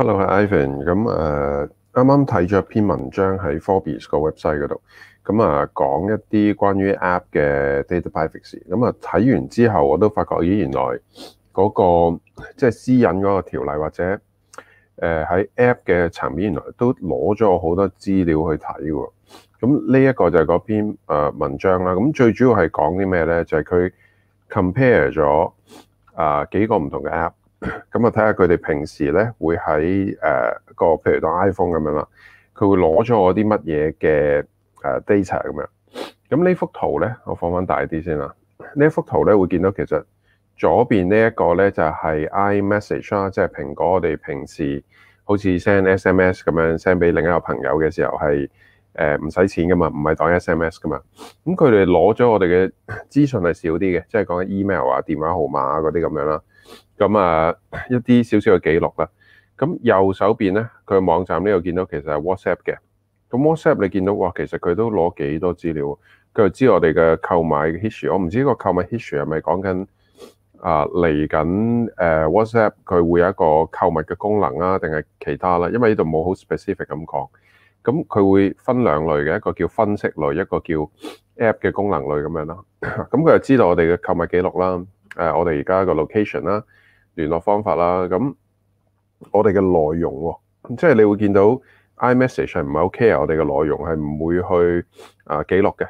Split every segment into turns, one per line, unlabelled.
Hello，係 Ivan。咁誒，啱啱睇咗一篇文章喺 Forbes 個 website 嗰度，咁啊講一啲關於 App 嘅 data privacy。咁啊睇完之後，我都發覺，咦，原來嗰、那個即係、就是、私隱嗰個條例或者誒喺 App 嘅層面，原來都攞咗好多資料去睇喎。咁呢一個就係嗰篇誒文章啦。咁最主要係講啲咩咧？就係、是、佢 compare 咗啊幾個唔同嘅 App。咁啊，睇下佢哋平時咧，會喺誒個，譬如當 iPhone 咁樣啦，佢會攞咗我啲乜嘢嘅誒 data 咁樣。咁呢幅圖咧，我放翻大啲先啦。呢一幅圖咧，會見到，其實左邊呢一個咧就係 iMessage 啦，即係蘋果我哋平時好似 send SMS 咁樣 send 俾另一個朋友嘅時候係。誒唔使錢噶嘛，唔係當 SMS 噶嘛，咁佢哋攞咗我哋嘅資訊係少啲嘅，即係講緊 email 啊、電話號碼嗰啲咁樣啦，咁啊一啲少少嘅記錄啦。咁右手邊咧，佢嘅網站呢度見到其實係 WhatsApp 嘅。咁 WhatsApp 你見到哇，其實佢都攞幾多資料，佢就知我哋嘅購買嘅 history。我唔知個購買 history 係咪講緊啊嚟緊誒 WhatsApp 佢會有一個購物嘅功能啊定係其他啦？因為呢度冇好 specific 咁講。咁佢會分兩類嘅，一個叫分析類，一個叫 App 嘅功能類咁樣啦。咁 佢就知道我哋嘅購物記錄啦，誒我哋而家個 location 啦、聯絡方法啦，咁我哋嘅內容，即係你會見到 iMessage 係唔係 OK？a r 我哋嘅內容係唔會去啊記錄嘅。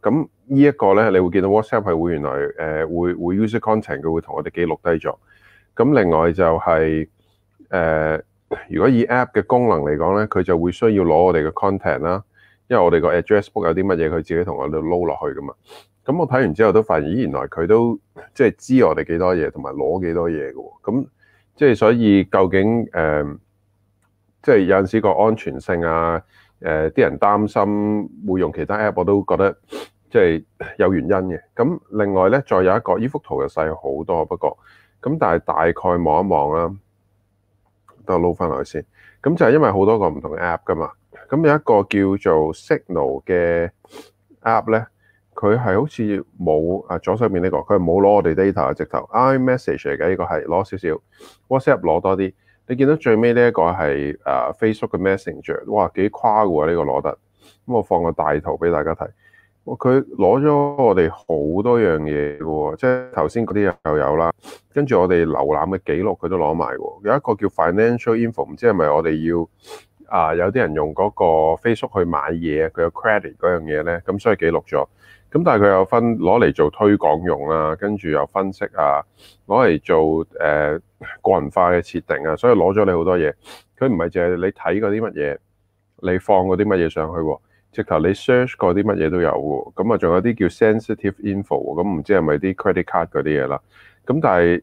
咁 呢一個咧，你會見到 WhatsApp 係會原來誒、呃、會會 use content，佢會同我哋記錄低咗。咁另外就係、是、誒。呃如果以 App 嘅功能嚟講咧，佢就會需要攞我哋嘅 content 啦，因為我哋個 address book 有啲乜嘢，佢自己同我哋撈落去噶嘛。咁我睇完之後都發現，咦，原來佢都即係、就是、知我哋幾多嘢，同埋攞幾多嘢噶。咁即係所以，究竟誒，即、呃、係、就是、有陣時個安全性啊，誒、呃，啲人擔心會用其他 App，我都覺得即係、就是、有原因嘅。咁另外咧，再有一個，呢幅圖又細好多，不過咁，但係大概望一望啦。我就攞翻落去先，咁就係因為好多個唔同嘅 App 噶嘛，咁有一個叫做 Signal 嘅 App 咧，佢係好似冇啊，左上面呢個，佢冇攞我哋 data 啊，直頭 iMessage 嚟嘅呢、呢個係攞少少，WhatsApp 攞多啲，你見到最尾呢一個係啊 Facebook 嘅 Messenger 哇幾、這個、誇嘅喎，呢個攞得，咁我放個大圖俾大家睇。佢攞咗我哋好多樣嘢嘅，即係頭先嗰啲又有啦，跟住我哋瀏覽嘅記錄佢都攞埋。有一個叫 financial info，唔知係咪我哋要啊？有啲人用嗰個 Facebook 去買嘢，佢有 credit 嗰樣嘢咧，咁所以記錄咗。咁但係佢有分攞嚟做推廣用啦，啊，跟住又分析啊，攞嚟做誒、呃、個人化嘅設定啊，所以攞咗你好多嘢。佢唔係淨係你睇嗰啲乜嘢，你放嗰啲乜嘢上去，啊。直頭你 search 過啲乜嘢都有喎，咁啊仲有啲叫 sensitive info，咁唔知係咪啲 credit card 嗰啲嘢啦。咁但係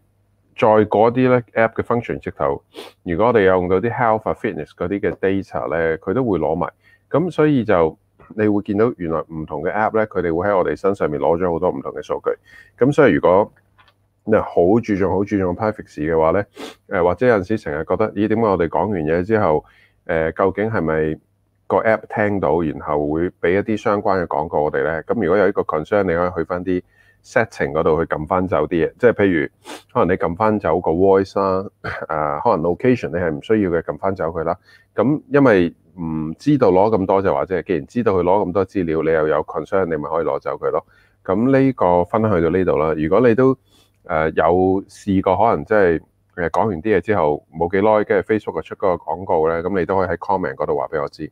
再嗰啲咧 app 嘅 function 直頭，如果我哋有用到啲 health or fitness 嗰啲嘅 data 咧，佢都會攞埋。咁所以就你會見到原來唔同嘅 app 咧，佢哋會喺我哋身上面攞咗好多唔同嘅數據。咁所以如果你係好注重好注重 privacy 嘅話咧，誒或者有陣時成日覺得咦點解我哋講完嘢之後誒究竟係咪？個 app 聽到，然後會俾一啲相關嘅廣告我呢。我哋咧咁，如果有一個 concern，你可以去翻啲 setting 嗰度去撳翻走啲嘢。即係譬如，可能你撳翻走個 voice 啦，誒，可能 location 你係唔需要嘅，撳翻走佢啦。咁因為唔知道攞咁多就或者係，既然知道佢攞咁多資料，你又有 concern，你咪可以攞走佢咯。咁呢個分享到呢度啦。如果你都誒有試過，可能即係誒講完啲嘢之後冇幾耐，跟住 Facebook 又出嗰個廣告咧，咁你都可以喺 comment 嗰度話俾我知。